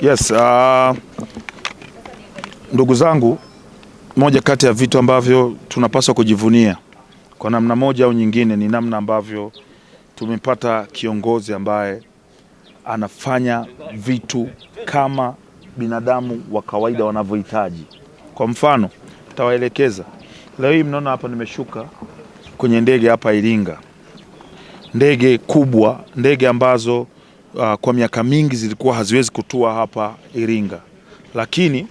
Yes, uh, ndugu zangu, moja kati ya vitu ambavyo tunapaswa kujivunia kwa namna moja au nyingine ni namna ambavyo tumepata kiongozi ambaye anafanya vitu kama binadamu wa kawaida wanavyohitaji. Kwa mfano, tawaelekeza leo hii, mnaona hapa nimeshuka kwenye ndege hapa Iringa, ndege kubwa, ndege ambazo uh, kwa miaka mingi zilikuwa haziwezi kutua hapa Iringa, lakini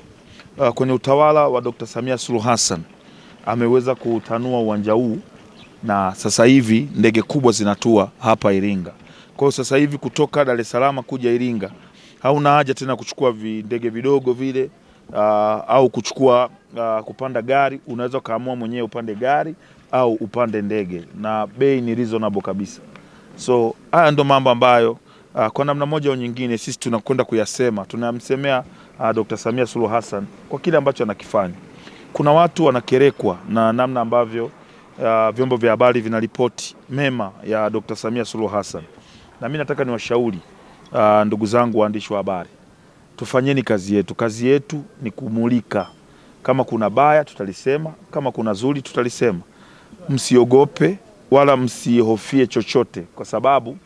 uh, kwenye utawala wa Dr. Samia Suluhu Hassan ameweza kutanua uwanja huu na sasa hivi ndege kubwa zinatua hapa Iringa. Kwa hiyo sasa hivi kutoka Dar es Salaam kuja Iringa hauna haja tena kuchukua ndege vidogo vile uh, au kuchukua uh, kupanda gari. Unaweza ukaamua mwenyewe upande gari au upande ndege, na bei ni reasonable kabisa. So haya ndo mambo ambayo uh, kwa namna moja au nyingine sisi tunakwenda kuyasema, tunamsemea uh, ah, Dr. Samia Suluhu Hassan kwa kile ambacho anakifanya. Kuna watu wanakerekwa na namna ambavyo uh, vyombo vya habari vinaripoti mema ya Dr. Samia Suluhu Hassan, na mimi nataka niwashauri uh, ndugu zangu waandishi wa habari, tufanyeni kazi yetu. Kazi yetu ni kumulika. Kama kuna baya tutalisema, kama kuna zuri tutalisema. Msiogope wala msihofie chochote kwa sababu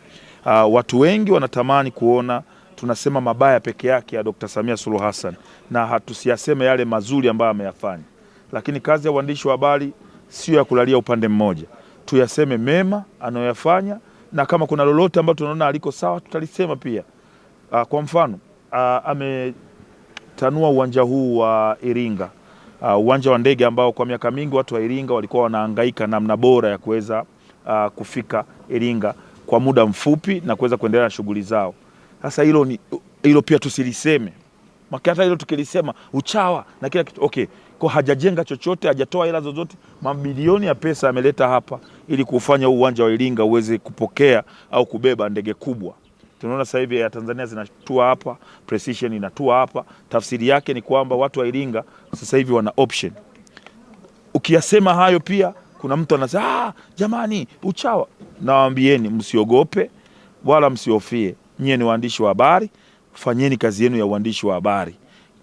Uh, watu wengi wanatamani kuona tunasema mabaya peke yake ya Dr. Samia Suluhu Hassan na hatusiyaseme yale mazuri ambayo ameyafanya, lakini kazi ya uandishi wa habari sio ya kulalia upande mmoja. Tuyaseme mema anayoyafanya, na kama kuna lolote ambalo tunaona aliko sawa tutalisema pia. Uh, kwa mfano uh, ametanua uwanja huu wa Iringa uh, uwanja wa ndege ambao kwa miaka mingi watu wa Iringa walikuwa wanahangaika namna bora ya kuweza uh, kufika Iringa kwa muda mfupi na kuweza kuendelea na shughuli zao. Sasa hilo ni hilo pia tusiliseme, hata hilo tukilisema uchawa na kila kitu okay. Kwa hajajenga chochote, hajatoa hela zozote, mabilioni ya pesa ameleta hapa ili kufanya huu uwanja wa Iringa uweze kupokea au kubeba ndege kubwa. Tunaona sasa hivi ya Tanzania zinatua hapa, Precision inatua hapa. Tafsiri yake ni kwamba watu wa Iringa sasa hivi wana option. Ukiyasema hayo pia kuna mtu anasema ah, Jamani, uchawa nawaambieni, msiogope wala msiofie Nyie ni waandishi wa habari, fanyeni kazi yenu ya uandishi wa habari.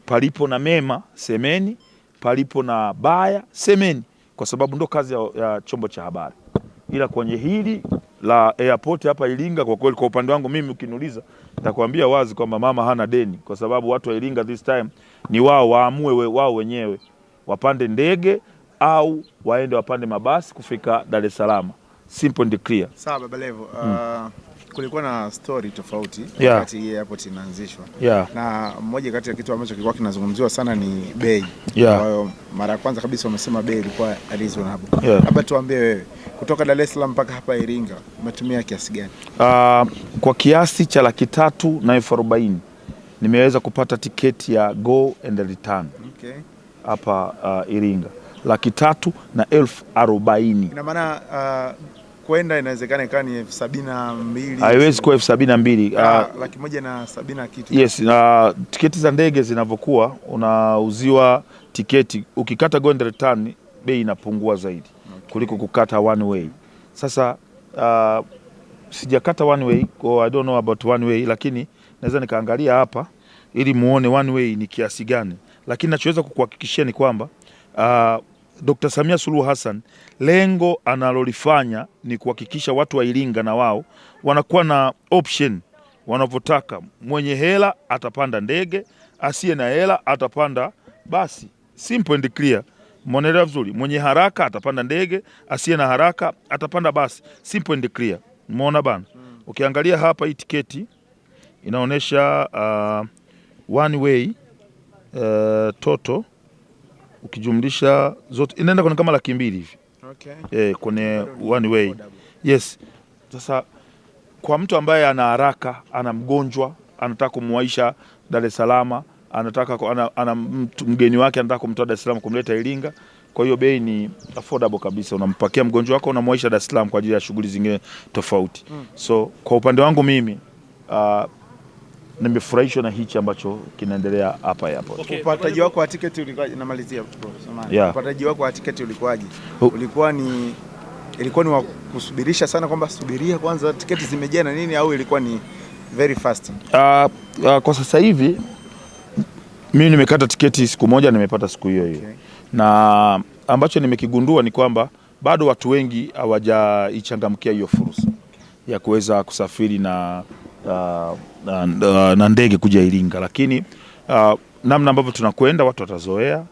Palipo na mema semeni, palipo na baya semeni, kwa sababu ndo kazi ya, ya chombo cha habari. Ila kwenye hili la airport hapa Iringa, kwa kweli, kwa upande wangu mimi, ukiniuliza nitakwambia wazi kwamba mama hana deni, kwa sababu watu wa Iringa this time ni wao waamue, wao wenyewe wapande ndege au waende wapande mabasi kufika Dar es Salaam. Simple and clear. Sawa Baba Levo. Hmm. Uh, mm. Kulikuwa na story tofauti yeah. Wakati hii airport inaanzishwa yeah. Na mmoja kati ya kitu ambacho kilikuwa kinazungumziwa sana ni bei ambayo yeah. Mara ya kwanza kabisa wamesema bei ilikuwa reasonable yeah. Labda tuambie wewe kutoka Dar es Salaam mpaka hapa Iringa umetumia kiasi gani? Uh, kwa kiasi cha laki tatu na elfu arobaini nimeweza kupata tiketi ya go and return hapa Uh, Iringa laki tatu na elfu arobaini. Ina maana uh, kwenda inawezekana ikawa ni elfu sabini na mbili. Haiwezi kuwa elfu sabini na mbili. Uh, laki moja na sabini na kitu. Yes, na tiketi za ndege zinavyokuwa unauziwa tiketi, ukikata go and return bei inapungua zaidi okay, kuliko kukata one way. Sasa uh, sijakata one way or I don't know about one way, lakini naweza nikaangalia hapa ili muone one way ni kiasi gani, lakini nachoweza kukuhakikishia ni kwamba uh, Dr. Samia Suluhu Hassan lengo analolifanya ni kuhakikisha watu wa Iringa na wao wanakuwa na option wanavyotaka. Mwenye hela atapanda ndege, asiye na hela atapanda basi. Simple and clear. Mnaelewa vizuri. Mwenye haraka atapanda ndege, asiye na haraka atapanda basi. Simple and clear. Umeona bana? Hmm. Ukiangalia hapa hii tiketi inaonyesha uh, one way uh, toto ukijumlisha zote inaenda kwenye kama laki mbili hivi okay. Eh, kwenye one way yes. Sasa kwa mtu ambaye ana haraka, ana mgonjwa, anataka kumwaisha Dar es Salaam, anataka ana, ana mgeni wake anataka kumtoa Dar es Salaam kumleta Iringa. Kwa hiyo bei ni affordable kabisa, unampakia mgonjwa wako unamwaisha Dar es Salaam kwa ajili ya shughuli zingine tofauti mm. So kwa upande wangu mimi uh, nimefurahishwa na hichi ambacho kinaendelea hapa airport. Okay. Upataji wako wa tiketi ulikuwaje? Namalizia bro, samahani. Yeah. Upataji wako wa tiketi ulikuwaje? Ulikuwa ni ilikuwa ni wakusubirisha sana kwamba subiria kwanza tiketi zimejaa na nini au ilikuwa ni very fast? Uh, uh, kwa sasa hivi mimi nimekata tiketi siku moja nimepata siku hiyo hiyo. Okay. Na ambacho nimekigundua ni kwamba bado watu wengi hawajaichangamkia hiyo fursa ya kuweza kusafiri na uh, na, uh, na ndege kuja Iringa, lakini uh, namna ambavyo tunakwenda watu watazoea,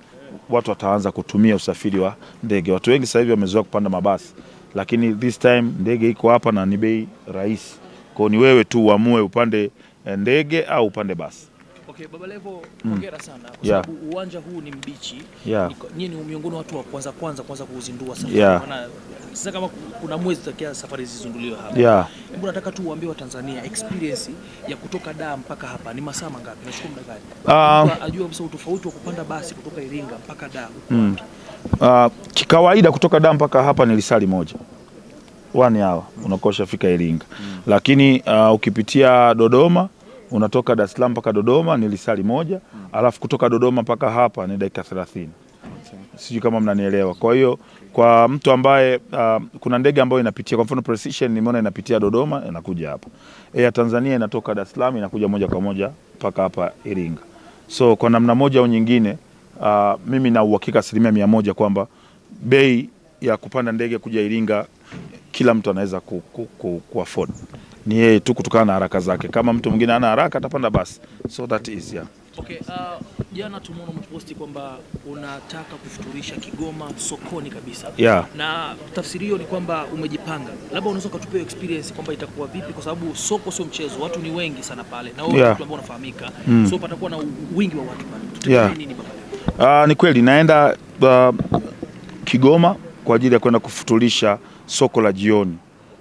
watu wataanza kutumia usafiri wa ndege. Watu wengi sasa hivi wamezoea kupanda mabasi, lakini this time ndege iko hapa na ni bei rahisi. Kwa hiyo ni wewe tu uamue upande eh, ndege au upande basi. Okay, Baba Levo, mm. hongera mm. sana kwa yeah. sababu uwanja huu ni mbichi yeah. Nyinyi ni miongoni watu wa kwanza kwanza kwanza kuuzindua safari yeah. Maana sasa kama kuna mwezi takia safari zizinduliwe hapa yeah. Hebu nataka tu uambie Watanzania experience ya kutoka Dar mpaka hapa ni masaa mangapi? Nachukua muda gani? Um, ajua msa utofauti wa kupanda basi kutoka Iringa mpaka Dar mm. Uh, kikawaida kutoka Dar mpaka hapa ni lisali moja one hour unakosha fika Iringa mm. Lakini uh, ukipitia Dodoma unatoka Dar es Salaam mpaka Dodoma ni lisali moja mm. alafu kutoka Dodoma mpaka hapa ni dakika thelathini. Sijui kama mnanielewa. Kwa hiyo kwa mtu ambaye uh, kuna ndege ambayo inapitia kwa mfano Precision nimeona inapitia Dodoma inakuja hapa. Air Tanzania inatoka Dar es Salaam inakuja moja kwa moja mpaka hapa Iringa. So kwa namna moja au nyingine uh, mimi na uhakika asilimia mia moja kwamba bei ya kupanda ndege kuja Iringa kila mtu anaweza ku, ku, ku, ku afford ni yeye tu kutokana na haraka zake. Kama mtu mwingine ana haraka atapanda basi, so that is yeah. Okay, uh, jana tumeona umeposti kwamba unataka kufuturisha Kigoma sokoni kabisa. Yeah. Na tafsiri hiyo ni kwamba umejipanga. Labda unaweza ukatupia experience kwamba itakuwa vipi kwa sababu soko sio mchezo, watu ni wengi sana pale na wewe yeah. Watu ambao unafahamika. Mm. So patakuwa na wingi wa watu pale. Tutafanya yeah. Nini baba? Uh, ni kweli naenda uh, Kigoma kwa ajili ya kwenda kufuturisha soko la jioni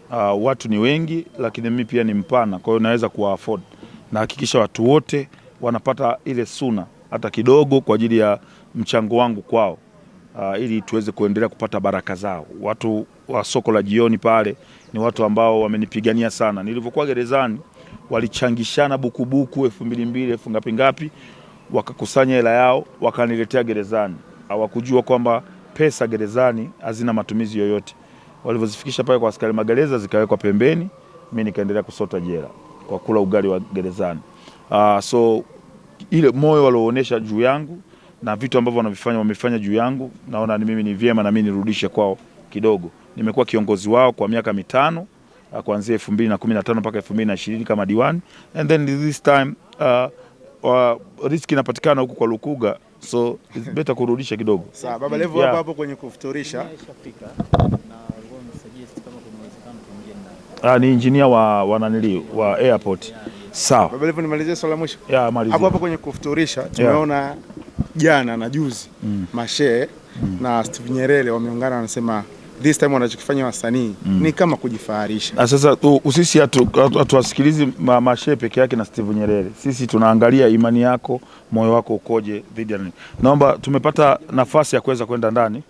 uh, watu ni wengi, lakini mimi pia ni mpana, kwa hiyo naweza kuwa afford na hakikisha watu wote wanapata ile suna hata kidogo kwa ajili ya mchango wangu kwao, uh, ili tuweze kuendelea kupata baraka zao. Watu wa soko la jioni pale ni watu ambao wamenipigania sana. Nilivyokuwa gerezani walichangishana bukubuku elfu mbili mbili elfu ngapi ngapi, wakakusanya hela yao wakaniletea gerezani. Hawakujua kwamba pesa gerezani hazina matumizi yoyote walivyozifikisha pale kwa askari magereza zikawekwa pembeni, mi nikaendelea kusota jela kwa kula ugali wa gerezani. Uh, so ile moyo walioonyesha juu yangu na vitu ambavyo wanavifanya wamefanya juu yangu, naona ni mimi ni vyema na mimi nirudishe kwao kidogo. Nimekuwa kiongozi wao kwa miaka mitano ah, kuanzia 2015 mpaka 2020 kama diwani and then this time uh, uh, riski inapatikana huku kwa Lukuga so it's better kurudisha kidogo. Sawa Baba Levo, hapo hapo kwenye kufuturisha ah, ni engineer wa wa wananili wa airport. Sawa Baba Levo, nimalizie swala mwisho hapo hapo kwenye kufuturisha. Tumeona jana na juzi mm. mm. na Steve Nyerere wameungana wanasema this time wanachokifanya wasanii mm. ni kama kujifaharisha. Sasa sisi hatuwasikilizi mashee peke yake na Steve Nyerere, sisi tunaangalia imani yako, moyo wako ukoje dhidi ya nini. Naomba tumepata nafasi ya kuweza kwenda ndani.